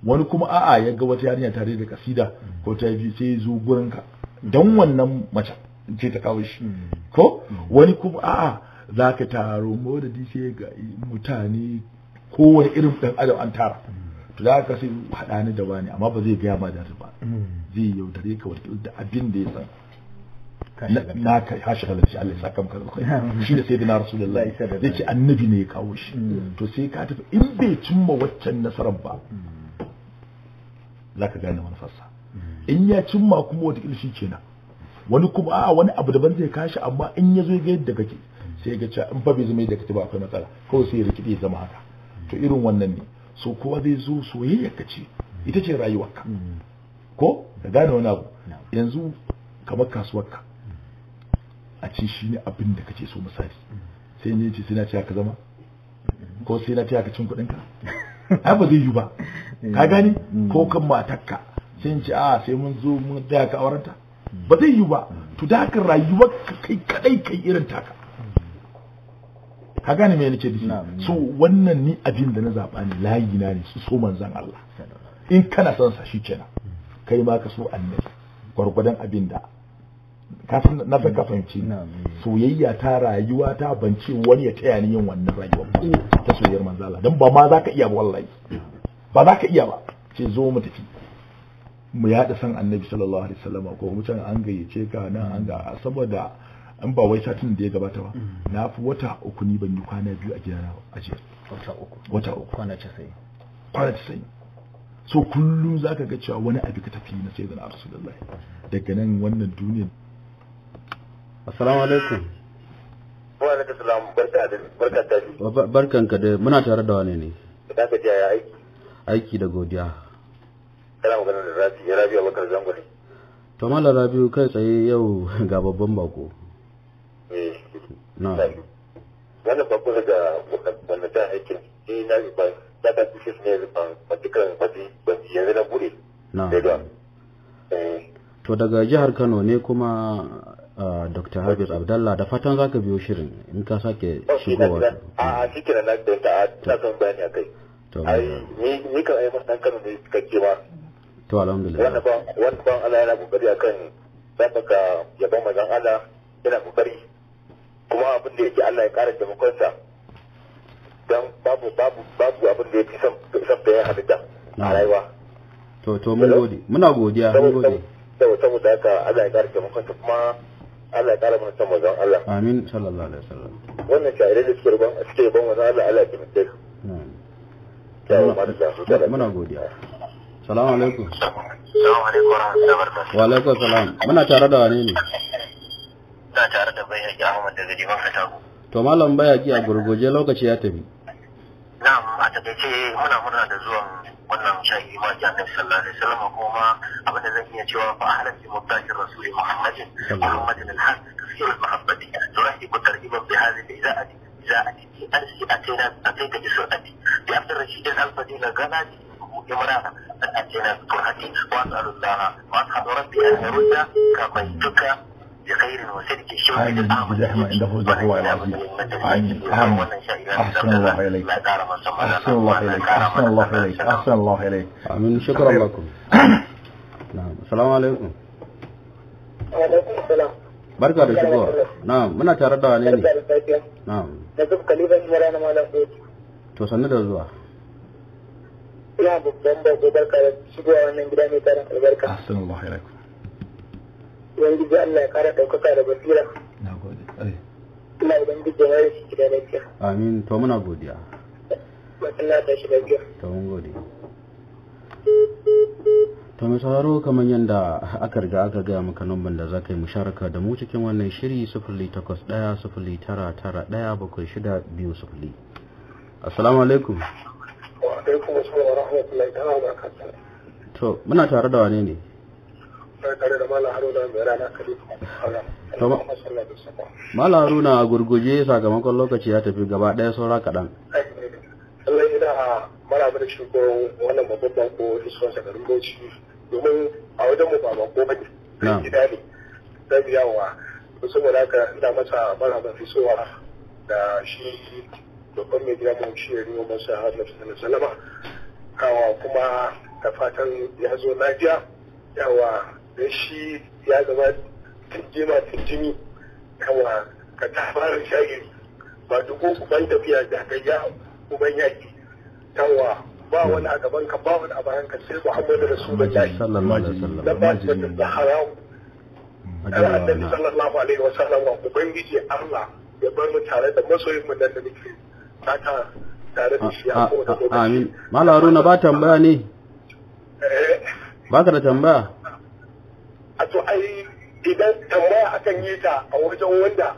wani kuma a'a ya ga wata yarinya tare da kasida ko ta biyu sai ya zo gurin ka dan wannan mace ce ta kawo shi hmm. ko hmm. wani kuma a'a za ka taro da sai ga mutane ko wani irin dan adam an tara hmm. to za ka sai haɗa ni da wani amma ba zai gaya ma da ba zai yaudare ka wata da abin da ya san na ka hashi halar shi Allah ya saka maka shi da sai da rasulullahi zai ce annabi ne ya kawo shi to sai ka tafi in bai cimma waccan nasarar ba za ka gane manufarsa in ya cimma kuma wata shi kenan wani kuma a wani abu daban zai kashi amma in ya zo ga yadda kake sai ga cewa in fa bai zama yadda kake ba akwai matsala ko sai ya rikide zama haka to irin wannan ne so kowa zai zo soyayya ka ce ita ce rayuwarka ko ka gane wani abu yanzu kamar kasuwarka a ce shi ne abin da kake so misali sai ne ce sai na ce haka zama ko sai na ce haka cin kuɗinka ai ba zai yi ba ka eh. gani mm. ko kan matarka Sun ci a ah, sai mun zo mun daya ka aurenta ba zai yi ba mm. to da haka rayuwar ka kai kadai kai irin taka ka gane me nake dishi so wannan ni abin da na zaba ni layi na ne su so manzon Allah in kana son sa shi kenan mm. kai ma ka so annabi gwargwadon abin da ka san na ka fahimci eh. soyayya ta rayuwa ta bance wani ya taya ni yin wannan rayuwa ta soyayyar manzala dan ba ma zaka iya ba wallahi ba za ka iya ba ce zo mu tafi mu yaɗa san annabi sallallahu alaihi wasallam ko mu can an gayyace ka nan an ga saboda an ba wai satin da ya gabata ba mm. na fi wata uku ni ban yi kwana biyu a gidana a jiya wata uku wata uku kwana sai kwana sai so kullum za ka ga cewa wani abu ka tafi na sai da na rasulullahi daga nan wannan duniyar assalamu alaikum wa alaikum barka da barka da barkan ka da muna tare da wani ne da ka ji aiki aiki da godiya kana magana da rabi rabi abakar zangwani to mala rabi kai tsaye yau ga babban bako eh na wannan bako daga wannan ta aikin eh na ba da ta kushe ne ba particular party ba yanzu na bude na eh. to daga jihar Kano ne kuma ah, Dr. Habib Abdallah da fatan ka biyo shirin in ka sake shigowa. A shi kira na da ta son bayani a akai. ai ni kan ai masu kano ne suka ke ma to alhamdulillah wanda ban wanda ban Allah yana kokari akan sabaka yaban manzon Allah yana kokari kuma abin da yake Allah ya kara taimakonsa dan babu babu babu abin da yake son son da ya halitta a rayuwa to to mun gode muna godiya mun gode saboda haka Allah ya kara taimakonsa kuma Allah ya kara mana son manzon Allah amin sallallahu alaihi wasallam wannan sha'irai da suke ban suke ban manzon Allah Allah ya taimake su muna godiya salamu alaikum salamu alaikum wa alaikum salam muna tare da wane ne na tare da bayaki ahmad daga diman katako to malam bayaki a gurguje lokaci ya tafi na'am a takaice muna murna da zuwan wannan shayi ma ji annabi sallallahu alaihi wasallam kuma abin da zan iya cewa fa ahlan bi mubtakin rasuli muhammadin muhammadin al-haq tasir al-mahabbati turahi bi tarhiban bi hadhihi al-iza'ati iza'ati an si atayna atayka bi su'ati عبد الرشيد الألبدي لقنا إمرانا أتينا فرحتي وأسأل الله وأسحب ربي أن يرد كقيتك بخير وسلك الشوكة الأعمى آمين آمين أحسن الله إليك أحسن الله إليك أحسن الله إليك أحسن الله إليك آمين شكرا لكم نعم السلام عليكم وعليكم السلام barka da shigowa na'am muna tare da ne ne na'am da zubkali ban jira na malam to sannu da zuwa ina babban barka da shigowa wannan gida mai tarin albarka assalamu alaikum Allah ya kara daukaka da basira ina shi amin to muna godiya ta shi to mun gode to mu sauraro kamar yadda aka riga aka gaya maka numban da za ka yi musharaka da mu cikin wannan shiri 08 ɗaya 09 tara ɗaya bakwai shida biyu 0 assalamu alaikum wa alaikum to muna tare da wane ne tare haruna a gurguje sakamakon lokaci ya tafi gaba ɗaya saura kaɗan lallai ina maraba da wannan domin a wajen mu ba bako ba ne gida ne da shi babban mai gida da shi ya ruwa masu halar salama kawa kuma da fatan ya zo lafiya yawa da shi ya zama tunjima tunjini yawa ka tafarin shagiri ba duko kuban tafiya da ka ya kuban yaki. yawa ba wani a gaban ka ba wani a bayan ka sai muhammadu rasulullahi sallallahu alaihi wasallam da su annabi sallallahu alaihi wasallam ubangiji Allah ya bar mu tare da masoyin mu da nake bata tare da shi amin malam haruna ba tambaya ne eh. ba ka da tambaya a to ai idan tambaya akan yi ta a wajen wanda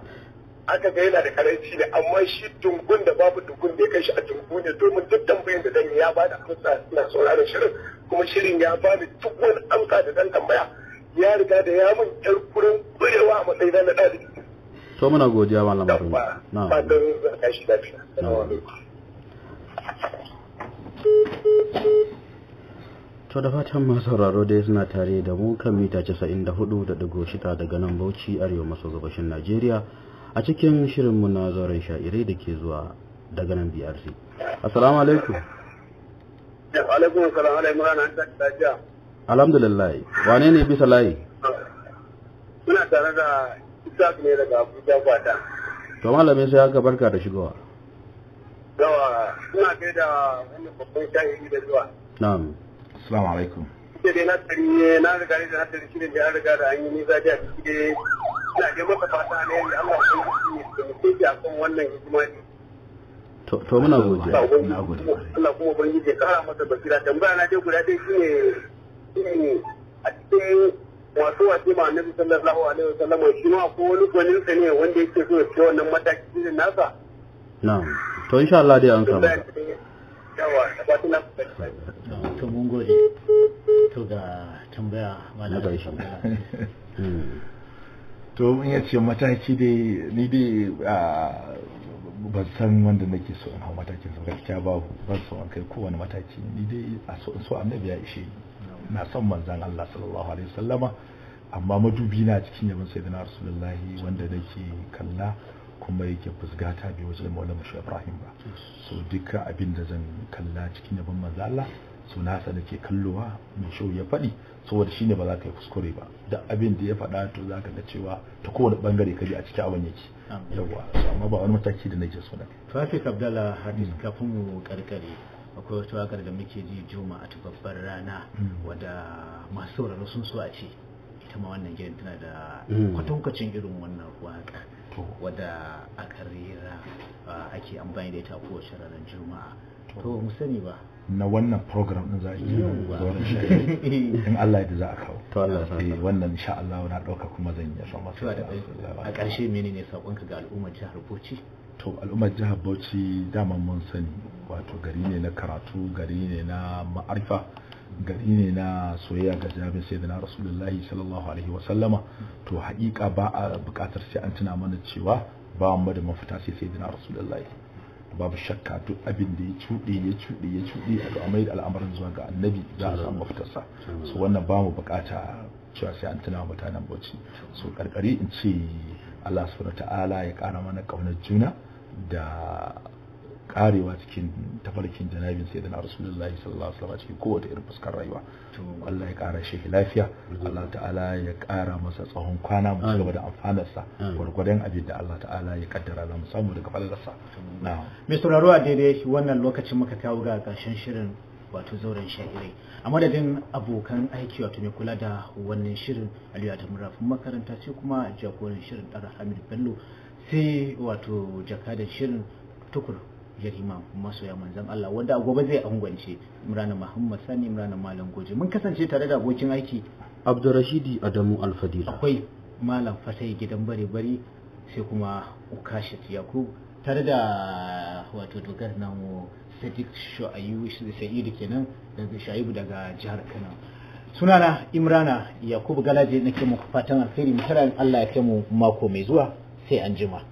aka ga yana da karanci ne amma shi dungun da babu dungun da ya kai shi a dungun ne domin duk tambayin da dan ya bada amsa suna saurara shirin kuma shirin ya bani duk wani amsa da dan tambaya ya riga da ya mun yar kurin kurewa a matsayin na ɗalibi to muna godiya malam Harun na fatan Na to da fatan masu sauraro dai suna tare da mu kan mita 94.6 daga nan Bauchi arewa maso gabashin Najeriya a cikin shirin na zauren sha'irai da ke zuwa daga nan BRC. Assalamu alaikum. Alaikum alaikum rana an Alhamdulillah. Wane ne bisa layi? Muna tare da Isaac ne daga Abuja Gwata. To malamin sai aka barka da shigowa. Yawa, ina kai da wani babban shahidi da zuwa. Na'am. Assalamu alaikum. dai na tsari ne, na riga da na tsari shi ne da riga da an yi nisa da shi Ina fata ne, Allah ya yi shi ne, da a wannan hikima ne. To muna gode. Na gode. Allah kuma ubangiji ya kara basira. Tambaya na dai guda ɗaya shi ne a cikin wato wace ma annabi sallallahu alaihi wasallam shi ma ko wani gwanin sa ne wanda yake so ya wannan mataki din nasa na'am to insha Allah dai an samu to mun gode to ga tambaya malaka hmm. to mun yace mataki dai ni dai a san wanda nake so in hau matakin sa gaskiya babu ba so an kai kowane mataki ni dai a so annabi ya ishe ni na son manzan Allah sallallahu alaihi wasallama amma madubi na cikin yaban na rasulullahi wanda nake kalla kuma yake fusgata bai wajen maula mashi ibrahim ba so duka abin da zan kalla cikin yaban manzan Allah so nasa ke kallowa mai shau ya faɗi saboda shine ba za ka yi kuskure ba da abin da ya faɗa to za ka ga cewa ta kowane bangare ka je a cikin abin yake Yawwa amma ba wani mataki da nake so na kai traffic abdallah hadis mm. kafin mu karkare akwai wata wakar da muke ji juma'a ta babbar rana mm. wadda masu sauraro sun so a ce ita ma wannan gidan tana da mm. kwatankwacin irin wannan waka wadda aka rera ake amfani da ita a kowace ranar juma'a to mu sani ba na wannan program din za a yi in Allah ya za a kawo to Allah ya eh, wannan insha Allah na dauka kuma zan yi sama a ƙarshe menene sakonka ga al'ummar jihar Bauchi to al'ummar jihar bauchi dama mun sani wato gari ne na karatu gari ne na ma'arifa gari ne na soyayya ga jami'in sayyidina da na rasulullahi sallallahu alaihi wa sallama to haƙiƙa ba a buƙatar sai an tuna mana cewa ba mu da mafita sai sayyidina rasulullahi babu shakka duk abin da ya cuɗe ya cuɗe ya cuɗe a ga da al'amarin zuwa ga annabi za a samu mafitarsa so wannan ba mu buƙata cewa sai an tuna mutanen bauchi so ƙarƙari in ce Allah subhanahu ta'ala ya ƙara mana ƙaunar juna da ƙarewa cikin tafarkin janabin sai da na rasulullah sallallahu alaihi wasallam cikin kowace irin fuskar rayuwa Allah ya kara shi lafiya Allah ta'ala ya ƙara masa tsawon kwana mu gaba da amfanarsa. sa gwargwadon abin da Allah ta'ala ya kaddara za mu samu daga falalarsa na mai sauraro a daidai wannan lokacin muka kawo ga karshen shirin wato zauren sha'irai a madadin abokan aiki wato mai kula da wannan shirin aliyu adamu rafin makaranta sai kuma jagoran shirin dara hamid bello sai wato jakadan shirin tukur jarima masoya manzan Allah wanda gobe zai angwance murana Muhammad Sani murana Malam Goje mun kasance tare da abokin aiki Abdurrashidi Adamu alfadila akwai Malam fasai gidan bare bare sai kuma Ukashit Yakub tare da wato dogar namu sadiq da sa'idu kenan daga shu'aibu daga jihar kano sunana imrana yakubu galaje nake muku fatan alheri mu tara Allah ya kai mu mako mai zuwa sai an jima